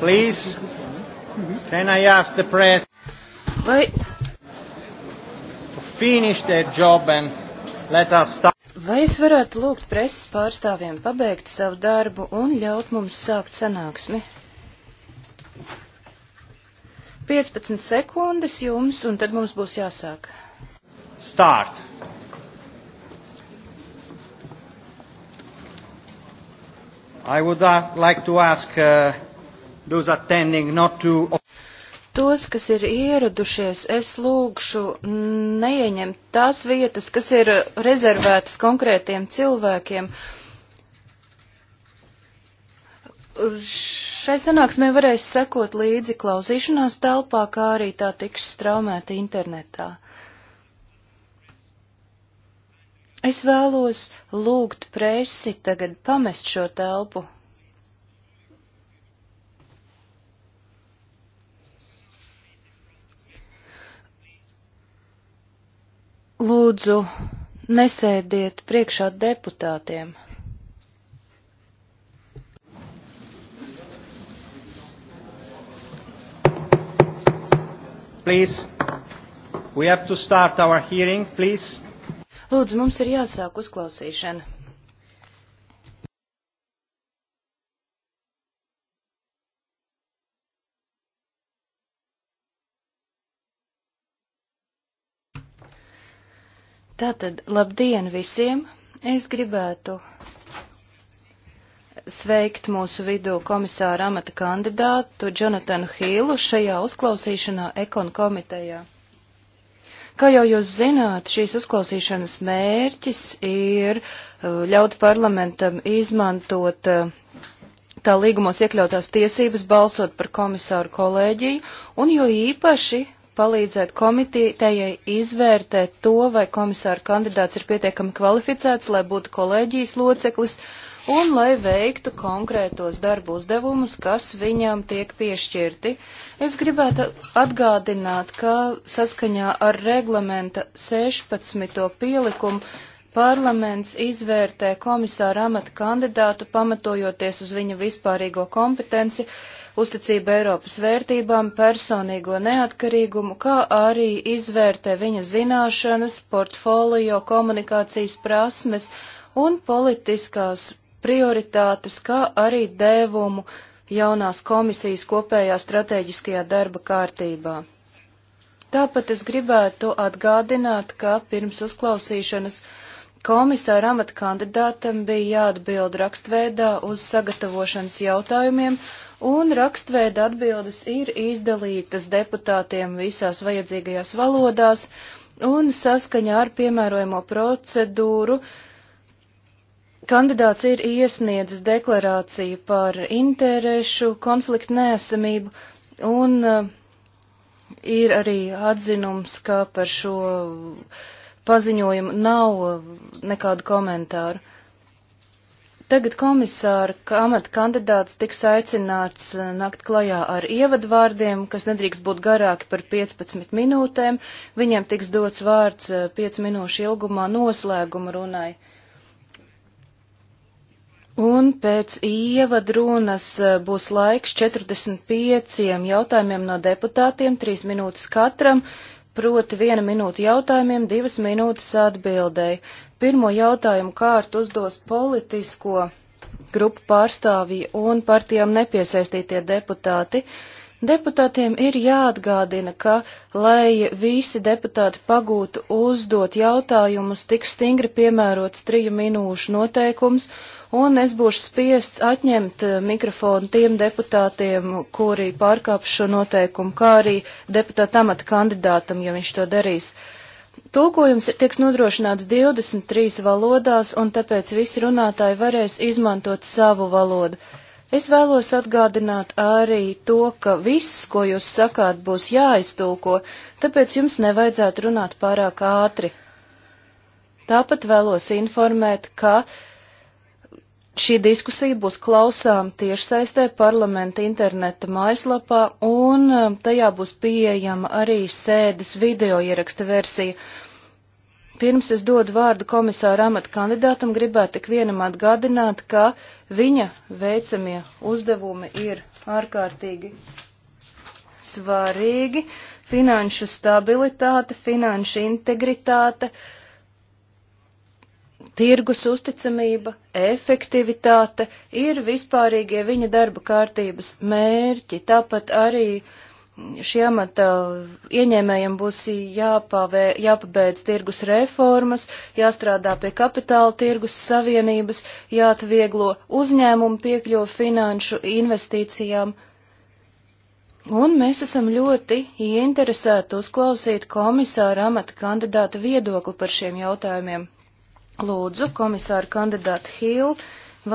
Please, can I ask the press Vai... to finish their job and let us start? Vai es varētu lūgt preses pārstāvjiem pabeigt savu darbu un ļaut mums sākt sanāksmi? 15 sekundes jums, un tad mums būs jāsāk. Start! I would uh, like to ask uh, those attending not to. Tos, kas ir ieradušies, es lūgšu neieņemt tās vietas, kas ir rezervētas konkrētiem cilvēkiem. Šai sanāksmē varēs sekot līdzi klausīšanās telpā, kā arī tā tiks straumēta internetā. Es vēlos lūgt presi tagad pamest šo telpu. Lūdzu, nesēdiet priekšā deputātiem. Please, we have to start our hearing, please. Lūdzu, mums ir jāsāk uzklausīšana. Tātad, labdien visiem! Es gribētu sveikt mūsu vidū komisāra amata kandidātu Jonatanu Hīlu šajā uzklausīšanā Ekon komitejā. Kā jau jūs zināt, šīs uzklausīšanas mērķis ir uh, ļaut parlamentam izmantot uh, tā līgumos iekļautās tiesības balsot par komisāru kolēģiju un jo īpaši palīdzēt komitējai izvērtēt to, vai komisāra kandidāts ir pietiekami kvalificēts, lai būtu kolēģijas loceklis, uh, un lai veiktu konkrētos darbu uzdevumus, kas viņam tiek piešķirti. Es gribētu atgādināt, ka saskaņā ar reglamenta 16. pielikumu parlaments izvērtē komisāra amata kandidātu pamatojoties uz viņa vispārīgo kompetenci, uzticību Eiropas vērtībām, personīgo neatkarīgumu, kā arī izvērtē viņa zināšanas, portfolio, komunikācijas prasmes un politiskās prioritātes, kā arī devumu jaunās komisijas kopējā strateģiskajā darba kārtībā. Tāpat es gribētu atgādināt, ka pirms uzklausīšanas komisāra amata kandidātam bija jāatbild rakstveidā uz sagatavošanas jautājumiem, un rakstveida atbildes ir izdalītas deputātiem visās vajadzīgajās valodās, un saskaņā ar piemērojamo procedūru uh, Kandidāts ir iesniedzis deklarāciju par interešu, konfliktu neesamību un uh, ir arī atzinums, ka par šo paziņojumu nav eh, nekādu komentāru. Tagad komisāra amata kandidāts tiks aicināts eh, nakt klajā ar ievadvārdiem, kas nedrīkst būt garāki par 15 minūtēm. Viņam tiks dots vārds 5 minūšu ilgumā noslēguma runai. Un pēc ievadrunas eh, būs laiks 45 jautājumiem no deputātiem, 3 minūtes katram, proti 1 minūte jautājumiem, 2 minūtes atbildēji. Pirmo jautājumu kārtu uzdos politisko grupu pārstāvji un partijām nepiesaistītie deputāti. Uh, Deputātiem ir jāatgādina, ka, lai visi deputāti pagūtu uzdot jautājumus, tik stingri piemērots triju minūšu noteikums, un es būšu spiests atņemt eh, mikrofonu tiem deputātiem, kuri pārkāp šo noteikumu, kā arī deputāta amata kandidātam, ja viņš to darīs. Tulkojums tiks nodrošināts 23 valodās, un tāpēc visi runātāji varēs izmantot savu valodu. Es vēlos atgādināt arī to, ka viss, ko jūs sakāt, būs jāiztulko, tāpēc jums nevajadzētu runāt pārāk ātri. Tāpat vēlos informēt, ka šī diskusija būs klausām tiešsaistē parlamenta interneta mājaslapā, un um, tajā būs pieejama arī sēdes video ieraksta versija. Pirms es dodu vārdu komisāra amata kandidātam, gribētu tik vienam atgādināt, ka viņa veicamie uzdevumi ir ārkārtīgi svarīgi. Finanšu stabilitāte, finanšu integritāte, tirgus uzticamība, efektivitāte ir vispārīgie viņa darba kārtības mērķi, tāpat arī uh, šī amata ieņēmējiem būs jāpavē, jāpabeidz tirgus reformas, jāstrādā pie kapitāla tirgus savienības, jāatvieglo uzņēmumu piekļuvu finanšu investīcijām. Un mēs esam ļoti ieinteresēti uzklausīt komisāra amata kandidāta viedokli par šiem jautājumiem. Lūdzu, komisāra kandidāta Hīla